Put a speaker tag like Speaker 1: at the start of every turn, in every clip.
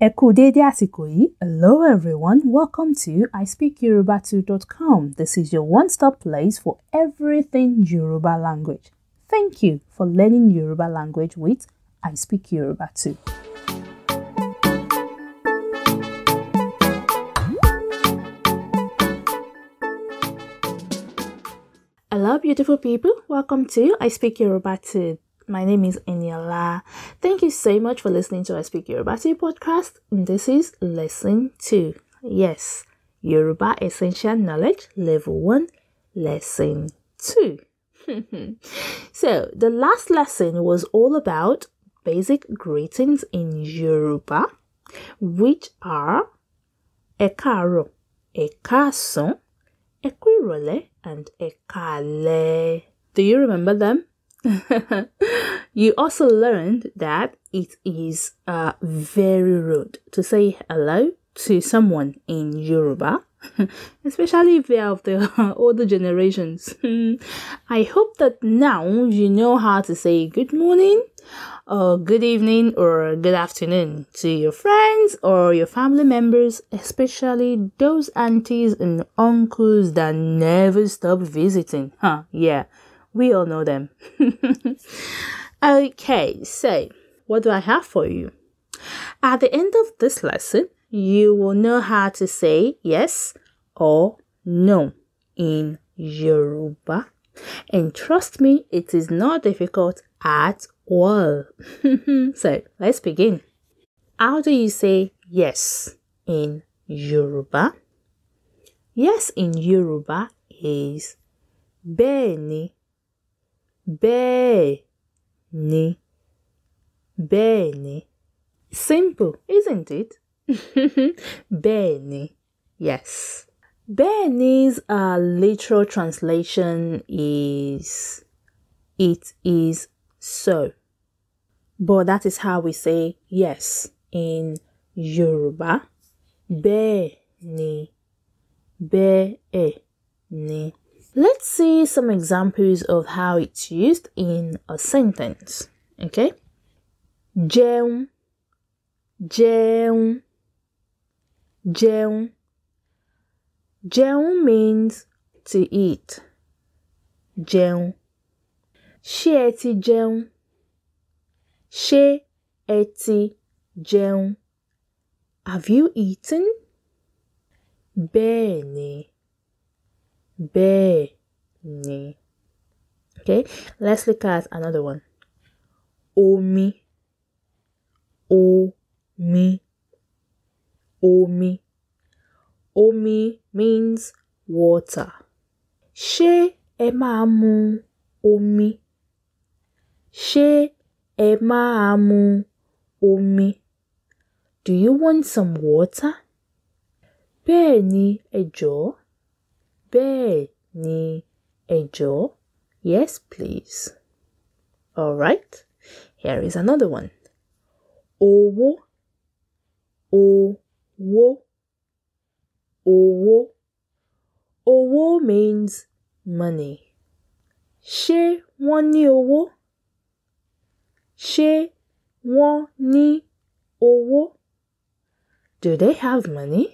Speaker 1: Hello everyone, welcome to ispeakyoruba2.com. This is your one-stop place for everything Yoruba language. Thank you for learning Yoruba language with I Speak Yoruba 2. Hello beautiful people, welcome to I Speak Yoruba 2. My name is Eniola. Thank you so much for listening to I Speak Yoruba to podcast. This is lesson two. Yes, Yoruba Essential Knowledge Level One, Lesson Two. so the last lesson was all about basic greetings in Yoruba, which are Ekaro, Ekason, Equirole, and Ekale. Do you remember them? you also learned that it is uh, very rude to say hello to someone in Yoruba, especially if they are of the older generations. I hope that now you know how to say good morning, or good evening, or good afternoon to your friends or your family members, especially those aunties and uncles that never stop visiting. Huh, yeah. We all know them. okay, so what do I have for you? At the end of this lesson, you will know how to say yes or no in Yoruba. And trust me, it is not difficult at all. so let's begin. How do you say yes in Yoruba? Yes in Yoruba is "bẹnì." Bẹ́ẹ̀ni. Bẹ́ẹ̀ni. Simple, isn't it? Bẹ́ẹ̀ni. Yes. Bẹ́ẹ̀ni's uh, literal translation is it is so. But that is how we say yes in Yoruba. Bẹ́ẹ̀ni. Bẹ́ẹ̀ni. Let's see some examples of how it's used in a sentence. Okay? Jẹun, jẹun, jẹun. Jẹun means to eat. Jẹun. Ṣé ẹ ti jẹun? Ṣé ẹ Have you eaten? Bẹ́ẹ̀ni. Bẹ́ẹ̀ni. Okay, let's look at another one. Omi. Omi. Omi. Omi means water. She ema amu omi? She ema amu omi? Do you want some water? Bẹ́ẹ̀ni, ẹ bẹ́ẹ̀ ni Yes, please. All right. Here is another one. Owó owó owó owó means money. She wọ́n ní owó? She wọ́n ní owó? Do they have money?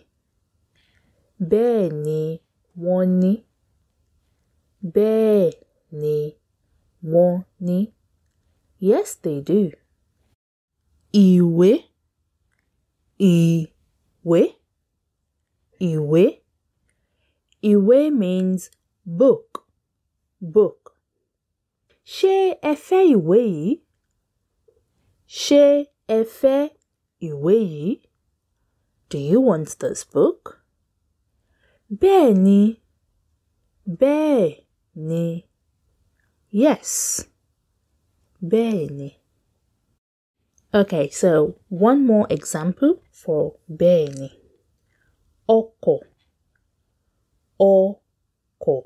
Speaker 1: be ni wọ́n ní. Bẹ́ẹ̀ ni wọ́n ní. Yes, they do. Ìwé ìwé ìwé ìwé means book book. Ṣé ẹ fẹ́ ìwé yìí? Ṣé ẹ fẹ́ ìwé yìí? Do you want this book? Bẹ́ẹ̀ni, bẹ́ẹ̀ni. Yes, bẹ́ẹ̀ni. Okay, so one more example for bẹ́ẹ̀ni. Ọkọ̀, ọkọ̀,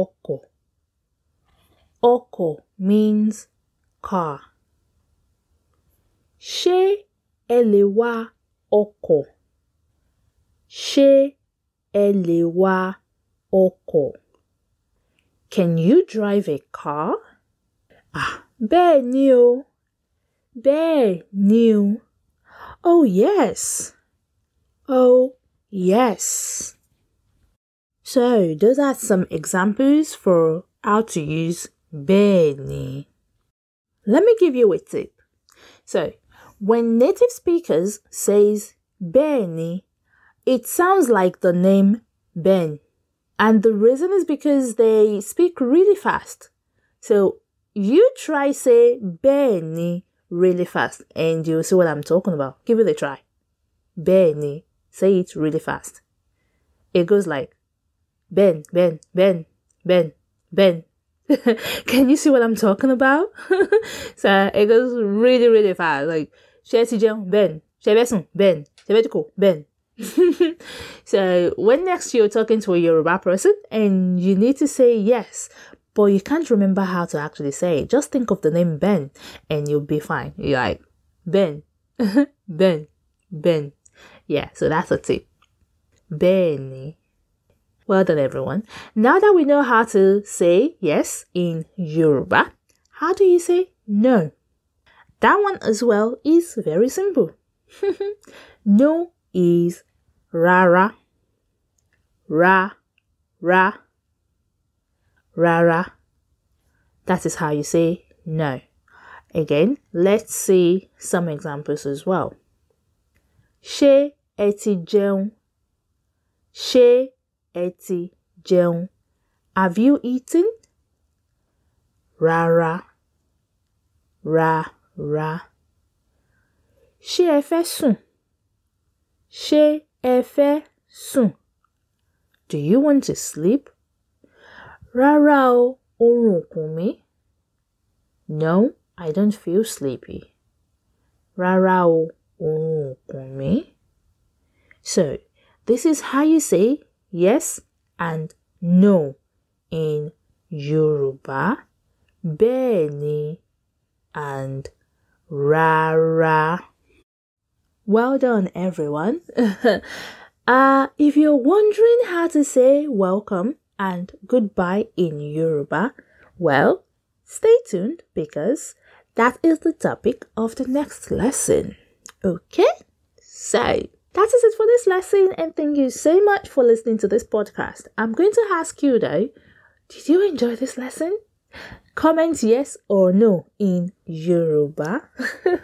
Speaker 1: ọkọ̀. Ọkọ̀ means car. Ṣé ẹ lè wa ọkọ̀? Ṣé ẹ lè wa ọkọ̀? Can you drive a car? Ah, bẹ́ẹ̀ ni o. Bẹ́ẹ̀ ni o. Oh yes. Oh yes. So, those are some examples for how to use bẹ́ẹ̀ ni. Let me give you a tip. So, when native speakers says bẹ́ẹ̀ ni it sounds like the name Ben. And the reason is because they speak really fast. So you try say Benny really fast and you'll see what I'm talking about. Give it a try. Benny. Say it really fast. It goes like Ben, Ben, Ben, Ben, Ben. Can you see what I'm talking about? so it goes really, really fast. Like, Ben, Ben, Ben, Ben, so when next you're talking to a Yoruba person and you need to say yes, but you can't remember how to actually say it, just think of the name Ben and you'll be fine. You're like, Ben, Ben, Ben. Yeah, so that's a tip. Benny. Well done, everyone. Now that we know how to say yes in Yoruba, how do you say no? That one as well is very simple. no is Ra ra ra ra. ra. that is how you say no again let's see some examples as well She eti ti jẹun eti ẹ jẹun have you eaten Ra ra. Ra she fẹ́ sùn She Ẹ sùn? Do you want to sleep? Rárá o, No, I don't feel sleepy. Rárá o, So, this is how you say yes and no in Yoruba. Beni and rárá. Well done, everyone. uh, if you're wondering how to say welcome and goodbye in Yoruba, well, stay tuned because that is the topic of the next lesson. Okay? So, that is it for this lesson, and thank you so much for listening to this podcast. I'm going to ask you though, did you enjoy this lesson? Comment yes or no in Yoruba.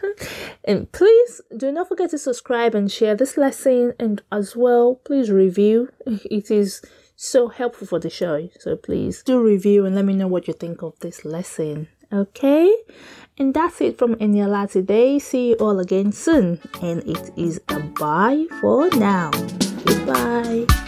Speaker 1: and please do not forget to subscribe and share this lesson and as well please review. It is so helpful for the show. So please do review and let me know what you think of this lesson. Okay? And that's it from Eniola today. See you all again soon. And it is a bye for now. Goodbye.